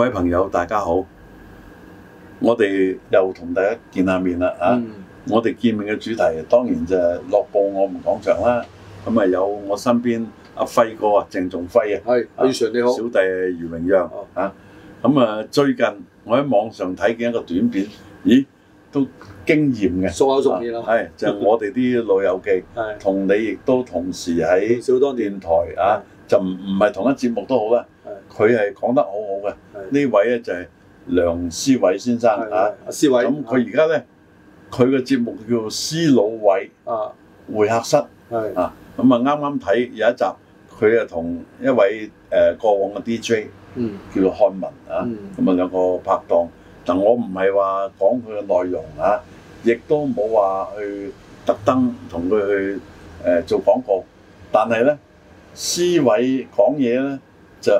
各位朋友，大家好！我哋又同大家見下面啦嚇，嗯、我哋見面嘅主題當然就係樂播我民廣場啦。咁啊有我身邊阿輝哥啊，鄭仲輝啊，係李 s 你好，小弟余明陽嚇。咁啊、嗯、最近我喺網上睇見一個短片，咦都驚豔嘅，數口重現就係、是、我哋啲老友記，同、嗯、你亦都同時喺小多電台啊。就唔唔係同一節目都好啦，佢係講得好好嘅。呢位咧就係梁思偉先生嚇，思偉咁佢而家呢，佢個節目叫思老偉啊會客室，啊咁啊啱啱睇有一集，佢啊同一位誒過往嘅 DJ，叫做漢文，啊，咁啊兩個拍檔。但我唔係話講佢嘅內容嚇，亦都冇話去特登同佢去誒做廣告，但係呢。思維講嘢咧就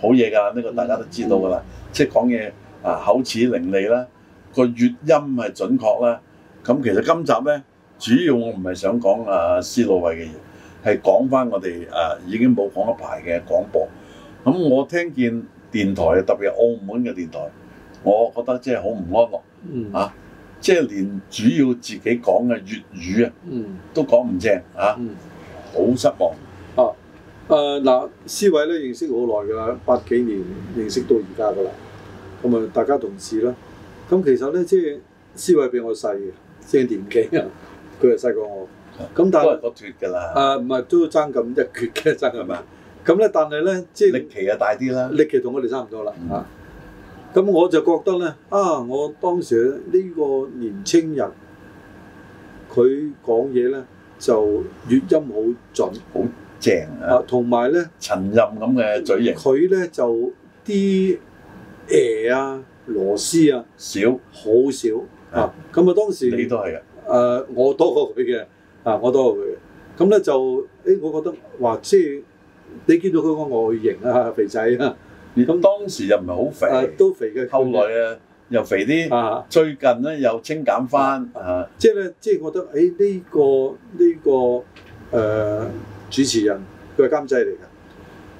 好嘢㗎，呢、這個大家都知道㗎啦。嗯嗯、即係講嘢啊，口齒伶俐啦，個粵音係準確啦。咁其實今集咧，主要我唔係想講啊思路維嘅嘢，係講翻我哋誒、啊、已經冇講一排嘅廣播。咁我聽見電台特別係澳門嘅電台，我覺得真係好唔安樂嚇、嗯啊。即係連主要自己講嘅粵語啊，嗯、都講唔正嚇，好、啊嗯、失望。誒嗱，思偉咧認識好耐㗎啦，八幾年認識到而家㗎啦，咁啊大家同事啦，咁其實咧即係思偉比我細嘅，即係 年紀啊，佢係細過我，咁、嗯、但係都係不脫㗎啦。誒唔係，都爭咁一決嘅爭係嘛？咁咧、嗯，但係咧即係力奇啊大啲啦。力奇同我哋差唔多啦。嗯、啊，咁我就覺得咧，啊我當時呢、這個年青人，佢講嘢咧就粵音好準，好。正啊！同埋咧，陳任咁嘅嘴型，佢咧就啲鶴啊、螺絲啊少，好少啊！咁啊，當時你都係嘅，誒我多過佢嘅啊，我多過佢嘅。咁咧就誒，我覺得話即係你見到佢個外形啊，肥仔啊，咁當時又唔係好肥，都肥嘅。後來啊又肥啲，最近咧又清減翻啊，即係咧即係覺得誒呢個呢個誒。主持人佢係監製嚟嘅。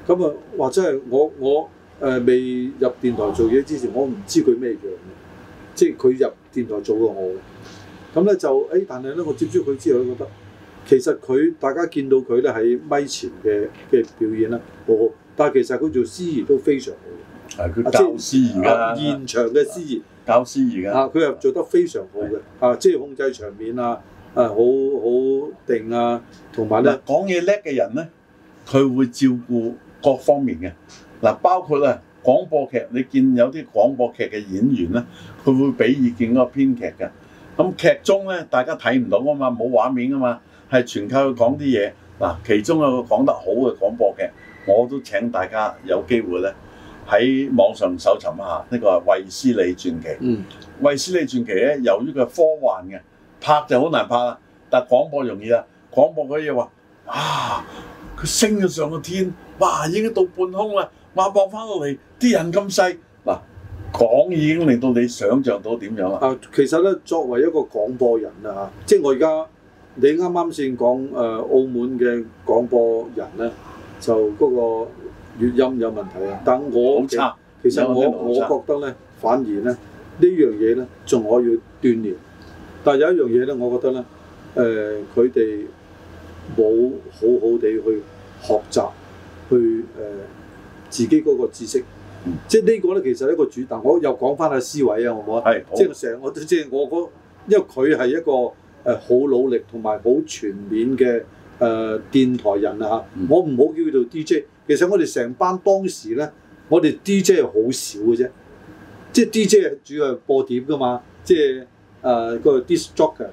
咁啊或者係我我誒未、呃、入電台做嘢之前，我唔知佢咩樣嘅，即係佢入電台做過我嘅，咁、嗯、咧就誒、哎，但係咧我接觸佢之後咧，覺得其實佢大家見到佢咧喺咪前嘅嘅表演啦，好好，但係其實佢做司儀都非常好嘅，係佢、啊、教司儀嘅，現場嘅司儀搞司儀嘅，啊佢又、啊、做得非常好嘅，的啊即係控制場面啊。啊、好好定啊，同埋咧講嘢叻嘅人咧，佢會照顧各方面嘅嗱，包括咧、啊、廣播劇，你見有啲廣播劇嘅演員咧，佢會俾意見個個編劇嘅。咁、啊、劇中咧，大家睇唔到啊嘛，冇畫面啊嘛，係全靠佢講啲嘢嗱。其中有個講得好嘅廣播劇，我都請大家有機會咧喺網上搜尋一下。呢、呢個係《衛斯理傳奇》，嗯，《衛斯理傳奇呢》咧由於佢係科幻嘅。拍就好難拍啦，但廣播容易啦。廣播可以話，啊，佢升咗上個天，哇，已經到半空啦，哇，播翻落嚟啲人咁細，嗱，講已經令到你想像到點樣啦。啊，其實咧，作為一個廣播人啊，即係我而家，你啱啱先講誒澳門嘅廣播人咧，就嗰個粵音有問題啊。但係我好差，其實我我，差，我覺得咧，反而咧呢樣嘢咧，仲可以鍛鍊。但係有一樣嘢咧，我覺得咧，誒佢哋冇好好地去學習，去誒、呃、自己嗰個知識，嗯、即係呢個咧其實係一個主。但我又講翻下思偉啊，好唔好啊？係，即係成日我即係我嗰，因為佢係一個誒好努力同埋好全面嘅誒、呃、電台人啊！嚇、嗯，我唔好叫佢做 DJ。其實我哋成班當時咧，我哋 DJ 好少嘅啫，即係 DJ 主要係播碟噶嘛，即係。誒個 d i s、uh, j o k e r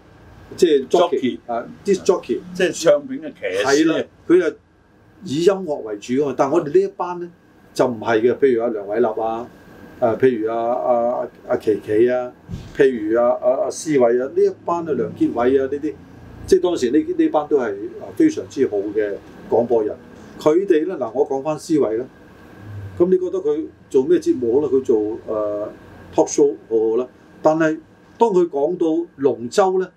即係 jockey 啊 d i s j o c k 即係唱片嘅騎士。啦，佢就以音樂為主。嘛。但係我哋呢一班咧就唔係嘅。譬如阿梁偉立啊，誒、啊、譬如阿阿阿琪琪啊，譬如阿阿阿思偉啊，呢、啊啊、一班、嗯、偉啊，梁建偉啊呢啲，即係當時呢呢班都係啊非常之好嘅廣播人。佢哋咧嗱，我講翻思偉啦。咁你覺得佢做咩節目好咧？佢做誒、呃、talk show 好好啦，但係。當佢講到龍舟咧，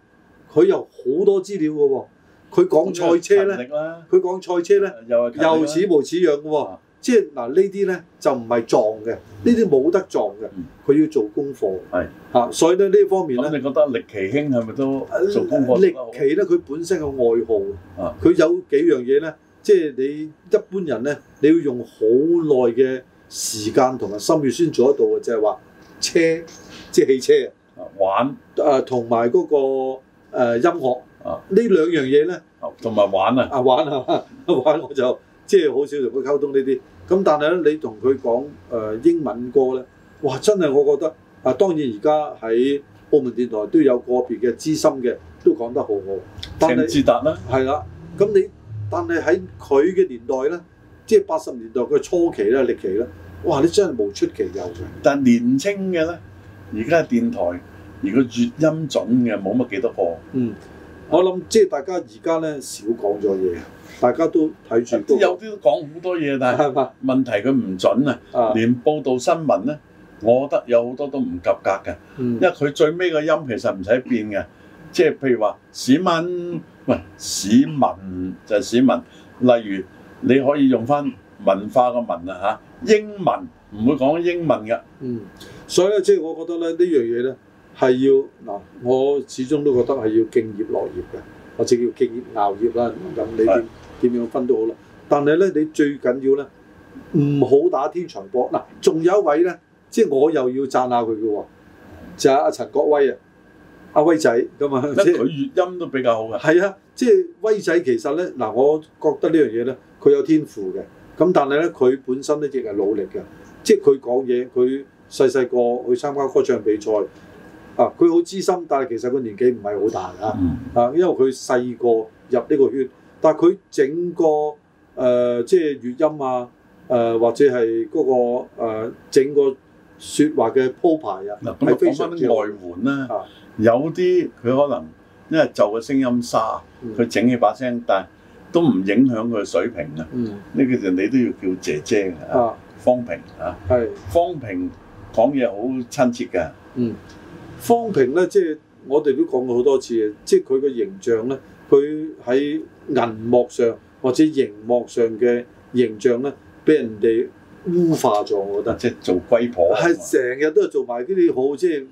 佢有好多資料嘅喎、哦。佢講賽車咧，佢講賽車咧，又似模似樣嘅喎、哦。啊、即係嗱呢啲咧就唔係撞嘅，呢啲冇得撞嘅。佢要做功課。係吓、嗯，啊、所以咧呢這方面咧，你覺得力奇興係咪都做功課？力奇咧，佢本身嘅愛好。佢、啊、有幾樣嘢咧，即係你一般人咧，你要用好耐嘅時間同埋心血先做得到嘅，就係話車，即係汽車。玩啊同埋嗰個音樂啊呢兩樣嘢咧同埋玩啊啊玩啊玩我就即係好少同佢溝通呢啲咁，但係咧你同佢講誒英文歌咧，哇真係我覺得啊當然而家喺澳門電台都有個別嘅資深嘅都講得好好。但自答啦，係啦，咁你但係喺佢嘅年代咧，即係八十年代嘅初期咧、歷期咧，哇你真係無出其右嘅。但係年青嘅咧。而家電台，如果粵音準嘅冇乜幾多個。嗯，我諗即係大家而家咧少講咗嘢，大家都睇住，即有啲都講好多嘢，但係問題佢唔準啊。吧連報道新聞咧，我覺得有好多都唔及格嘅，嗯、因為佢最尾個音其實唔使變嘅。即係譬如話市民，喂市民就係市民。例如你可以用翻文化個文啊嚇，英文。唔會講英文嘅，嗯，所以即係我覺得咧呢樣嘢咧係要嗱，我始終都覺得係要敬業樂業嘅，或者要敬業熬業啦，咁你點點的樣分都好啦。但係咧，你最緊要咧唔好打天才波。嗱，仲有一位咧，即係我又要讚下佢嘅喎，是的就阿、啊、陳國威啊，阿威仔咁啊，麼即佢粵音都比較好嘅。係啊，即、就、係、是、威仔其實咧嗱，我覺得這件事呢樣嘢咧佢有天賦嘅，咁但係咧佢本身咧亦係努力嘅。即係佢講嘢，佢細細個去參加歌唱比賽啊！佢好資深，但係其實佢年紀唔係好大啊！啊，因為佢細個入呢個圈，但係佢整個誒、呃、即係語音啊，誒、呃、或者係嗰、那個、呃、整個説話嘅鋪排啊。嗱、嗯，嗯、非常講外援咧，啊、有啲佢可能因為就個聲音沙，佢整起把聲，嗯、但係都唔影響佢水平啊。呢個就你都要叫姐姐嘅啊。方平啊，係方平講嘢好親切㗎。嗯，方平咧，即係我哋都講過好多次嘅，即係佢嘅形象咧，佢喺銀幕上或者熒幕上嘅形象咧，俾人哋污化咗。我覺得即係做龜婆，係成日都係做埋啲啲好即係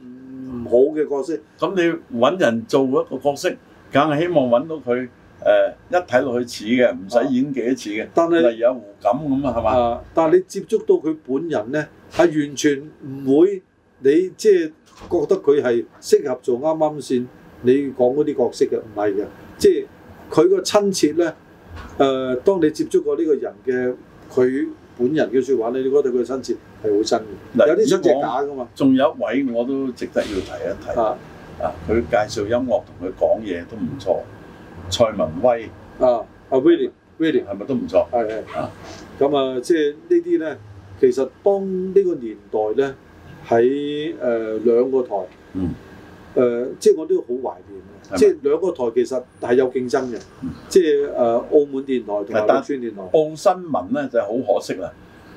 唔好嘅角色。咁你揾人做一個角色，梗係希望揾到佢。誒、呃、一睇落去似嘅，唔使演幾多次嘅。但係、例如有胡錦咁啊，係嘛吧、啊？但係你接觸到佢本人咧，係完全唔會你即係、就是、覺得佢係適合做啱啱先你講嗰啲角色嘅，唔係嘅。即係佢個親切咧，誒、呃，當你接觸過呢個人嘅佢本人嘅説話咧，你覺得佢嘅親切係好真嘅。啊、有啲親切假㗎嘛。仲有一位我都值得要提一提啊！佢、啊、介紹音樂同佢講嘢都唔錯。蔡文威啊，阿 Willie Willie 係咪都唔錯？係係啊，咁啊，即係呢啲咧，其實當呢個年代咧喺誒兩個台，誒即係我都好懷念即係兩個台其實係有競爭嘅，即係誒澳門電台同埋六村電台。報新聞咧就係好可惜啦，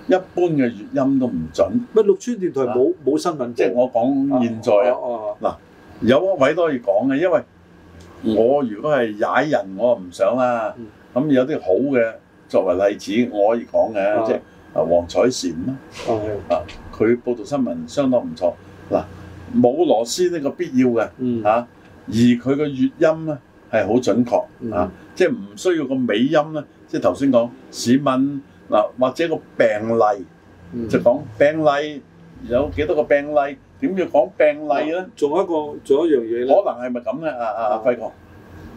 一般嘅粵音都唔準。乜六村電台冇冇新聞？即係我講現在啊，嗱有一位都可以講嘅，因為。我如果係踩人，我唔想啦。咁有啲好嘅作為例子，我可以講嘅，即係黃彩嬋啦。啊，佢報道新聞相當唔錯。嗱，冇螺絲呢個必要嘅嚇、嗯啊，而佢個粵音咧係好準確、嗯、啊，即係唔需要個美音咧。即係頭先講市民嗱，或者個病例、嗯、就講病例有幾多個病例。點要講病例咧？做一個做一樣嘢咧，可能係咪咁咧？阿阿輝哥，啊啊、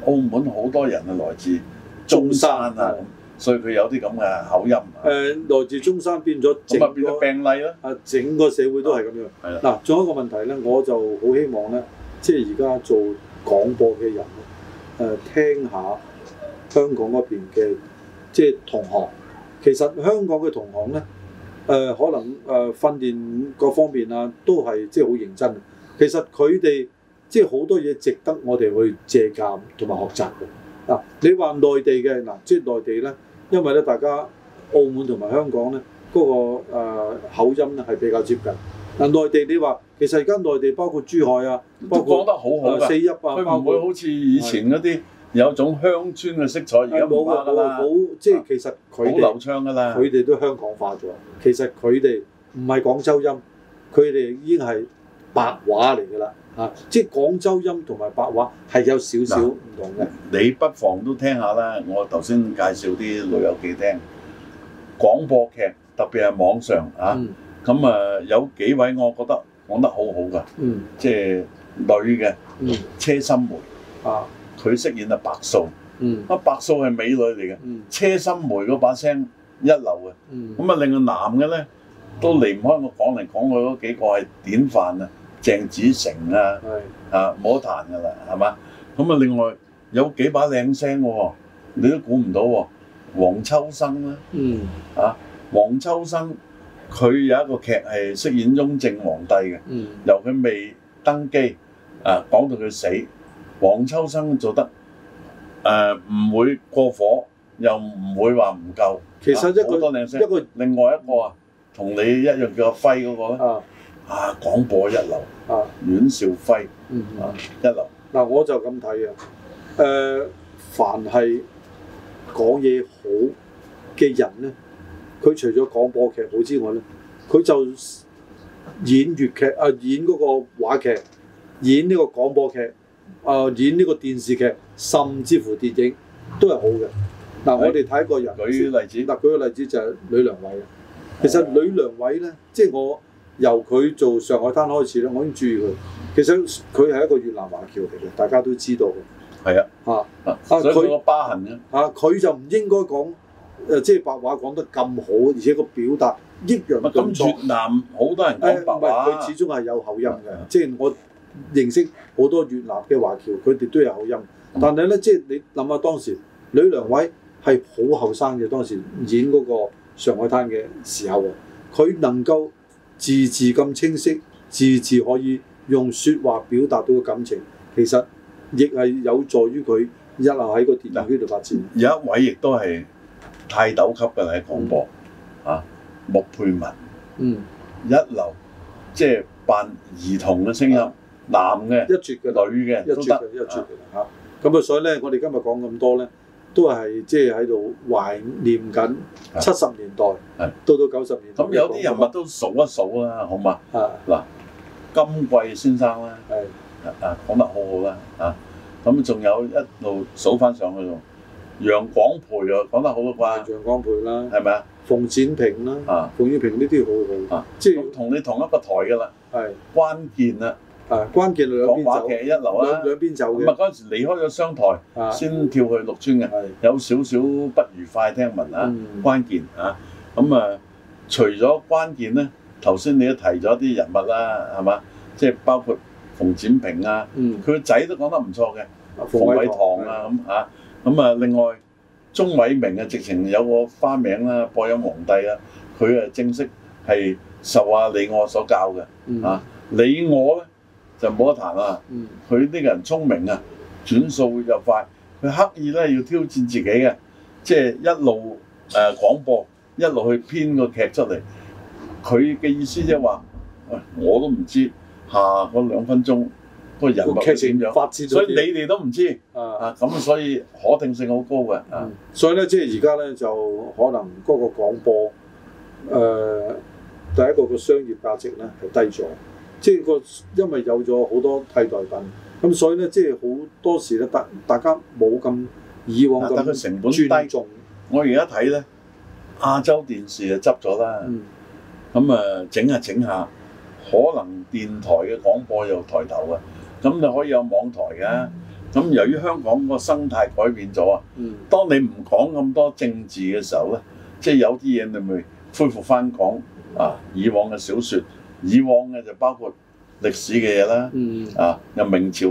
澳門好多人啊來自中山，中山啊，所以佢有啲咁嘅口音。誒、啊啊，來自中山變咗，咁啊變咗病例啦。啊，整個社會都係咁樣。係啦、啊。嗱，仲有一個問題咧，我就好希望咧，即係而家做廣播嘅人，誒、啊、聽下香港嗰邊嘅即係同行，其實香港嘅同行咧。誒、呃、可能誒、呃、訓練各方面啊，都係即係好認真。其實佢哋即係好多嘢值得我哋去借鑑同埋學習嘅。嗱、啊，你話內地嘅嗱、啊，即係內地咧，因為咧大家澳門同埋香港咧嗰、那個、啊、口音咧係比較接近。嗱、啊，內地你話其實而家內地包括珠海啊，包括誒四邑啊，佢唔會好似以前嗰啲。有種鄉村嘅色彩，而家唔得啦。冇，即係其實佢哋好流暢噶啦，佢哋都香港化咗。其實佢哋唔係廣州音，佢哋已經係白話嚟噶啦。嚇，即係廣州音同埋白話係有少少唔同嘅。你不妨都聽下啦，我頭先介紹啲旅遊記聽廣播劇，特別係網上嚇。咁啊，有幾位我覺得講得好好噶，即係女嘅車心梅啊。佢飾演啊，白素，啊、嗯、白素係美女嚟嘅，嗯、車心梅嗰把聲一流嘅，咁啊、嗯、另外男嘅咧、嗯、都離唔開我講嚟講去嗰幾個係典範啊，鄭子誠啊，是啊冇得彈㗎啦，係嘛？咁啊另外有幾把靚聲嘅喎，你都估唔到喎、啊，黃秋生啦、啊，嗯、啊黃秋生佢有一個劇係飾演雍正皇帝嘅，嗯、由佢未登基啊講到佢死。黃秋生做得誒唔、呃、會過火，又唔會話唔夠。其實一個、啊、一個另外一個啊，同你一樣叫阿輝嗰個咧啊，啊廣播一流啊，阮兆輝啊嗯嗯一流。嗱我就咁睇啊，誒、呃、凡係講嘢好嘅人咧，佢除咗廣播劇好之外咧，佢就演粵劇啊、呃，演嗰個話劇，演呢個廣播劇。誒、呃、演呢個電視劇，甚至乎電影都係好嘅。嗱，我哋睇個人先。舉例子。嗱，舉個例子就係呂良偉。其實呂良偉咧，嗯、即係我由佢做上海灘開始咧，我已經注意佢。其實佢係一個越南華僑嚟嘅，大家都知道。係啊。嚇、啊！佢個疤痕咧。嚇！佢就唔應該講誒，即係白話講得咁好，而且個表達一樣咁越南好多人佢、哎、始終係有口音嘅。啊、即係我，認識好多越南嘅華僑，佢哋都有口音。但係呢，即係你諗下當時呂良偉係好後生嘅，當時演嗰個上海灘嘅時候，佢能夠字字咁清晰，字字可以用説話表達到嘅感情，其實亦係有助於佢一路喺個電影圈度發展。有一位亦都係泰斗級嘅，喺廣播，嚇、啊，莫佩文，嗯，一流，即係扮兒童嘅聲音。嗯男嘅一絕嘅，女嘅一絕嘅一絕嚇。咁啊，所以咧，我哋今日講咁多咧，都係即係喺度懷念緊七十年代，係到到九十年代。咁有啲人物都數一數啦，好嘛？啊嗱，金貴先生啦，係啊講得好好啦啊。咁仲有一路數翻上去咯，楊廣培啊講得好好啩，楊廣培啦，係咪啊？馮展平啦，啊馮展平呢啲好好啊，即係同你同一個台㗎啦，係關鍵啦。啊！關鍵兩話劇一流啊，兩兩邊走嘅。唔係嗰陣時離開咗商台，的先跳去六村嘅，的有少少不愉快。聽聞啊，嗯、關鍵啊，咁啊，啊，除咗關鍵咧，頭先你都提咗啲人物啦、啊，係嘛？即係包括馮展平啊，佢個仔都講得唔錯嘅，啊、馮偉棠啊咁嚇。咁的啊，啊，啊，啊，啊，另外鍾偉明啊，直情有個花名啦、啊，播音皇帝啊，佢啊正式係受阿李我所教嘅、嗯、啊，李我咧。就冇得彈啦！佢呢個人聰明啊，轉數又快，佢刻意咧要挑戰自己嘅，即係一路誒、呃、廣播一路去編個劇出嚟。佢嘅意思即係話，我都唔知下嗰兩分鐘個人物點樣發展，所以你哋都唔知啊。咁、啊、所以可定性好高嘅。嗯嗯、所以咧，即係而家咧就可能嗰個廣播誒、呃，第一個個商業價值咧就低咗。即係個，因為有咗好多替代品，咁所以咧，即係好多時咧，大大家冇咁以往咁注重。我而家睇咧，亞洲電視就執咗啦。咁啊、嗯，整下整下，可能電台嘅廣播又抬頭啊。咁你可以有網台㗎。咁由於香港個生態改變咗啊，當你唔講咁多政治嘅時候咧，嗯、即係有啲嘢你咪恢復翻講啊，以往嘅小説。以往嘅就包括歷史嘅嘢啦，嗯、啊，由明朝、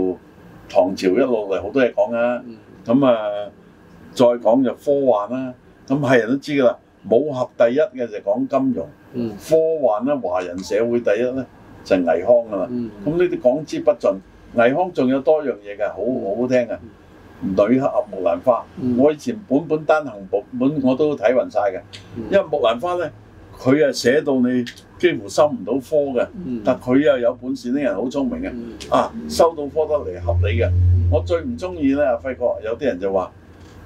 唐朝一路嚟好多嘢講啊。咁、嗯嗯、啊，再講就科幻啦。咁係人都知噶啦，武俠第一嘅就講金庸，嗯、科幻咧華人社會第一咧就係倪匡㗎喇。咁呢啲講之不盡，倪匡仲有多樣嘢嘅，好好聽嘅《嗯、女黑俠木蘭花》嗯。我以前本本單行本本我都睇勻晒嘅，嗯、因為木蘭花咧佢係寫到你。幾乎收唔到科嘅，嗯、但佢又有本事，呢人好聰明嘅，嗯嗯、啊，收到科得嚟合理嘅。嗯、我最唔中意咧，阿輝哥，有啲人就話，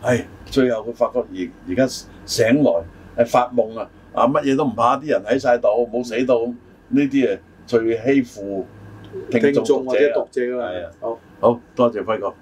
唉，最後佢發覺而而家醒來係發夢了啊，啊乜嘢都唔怕，啲人喺晒度冇死到，呢啲嘢最欺負聽眾、啊、或者讀者啊，係啊，好好多謝輝哥。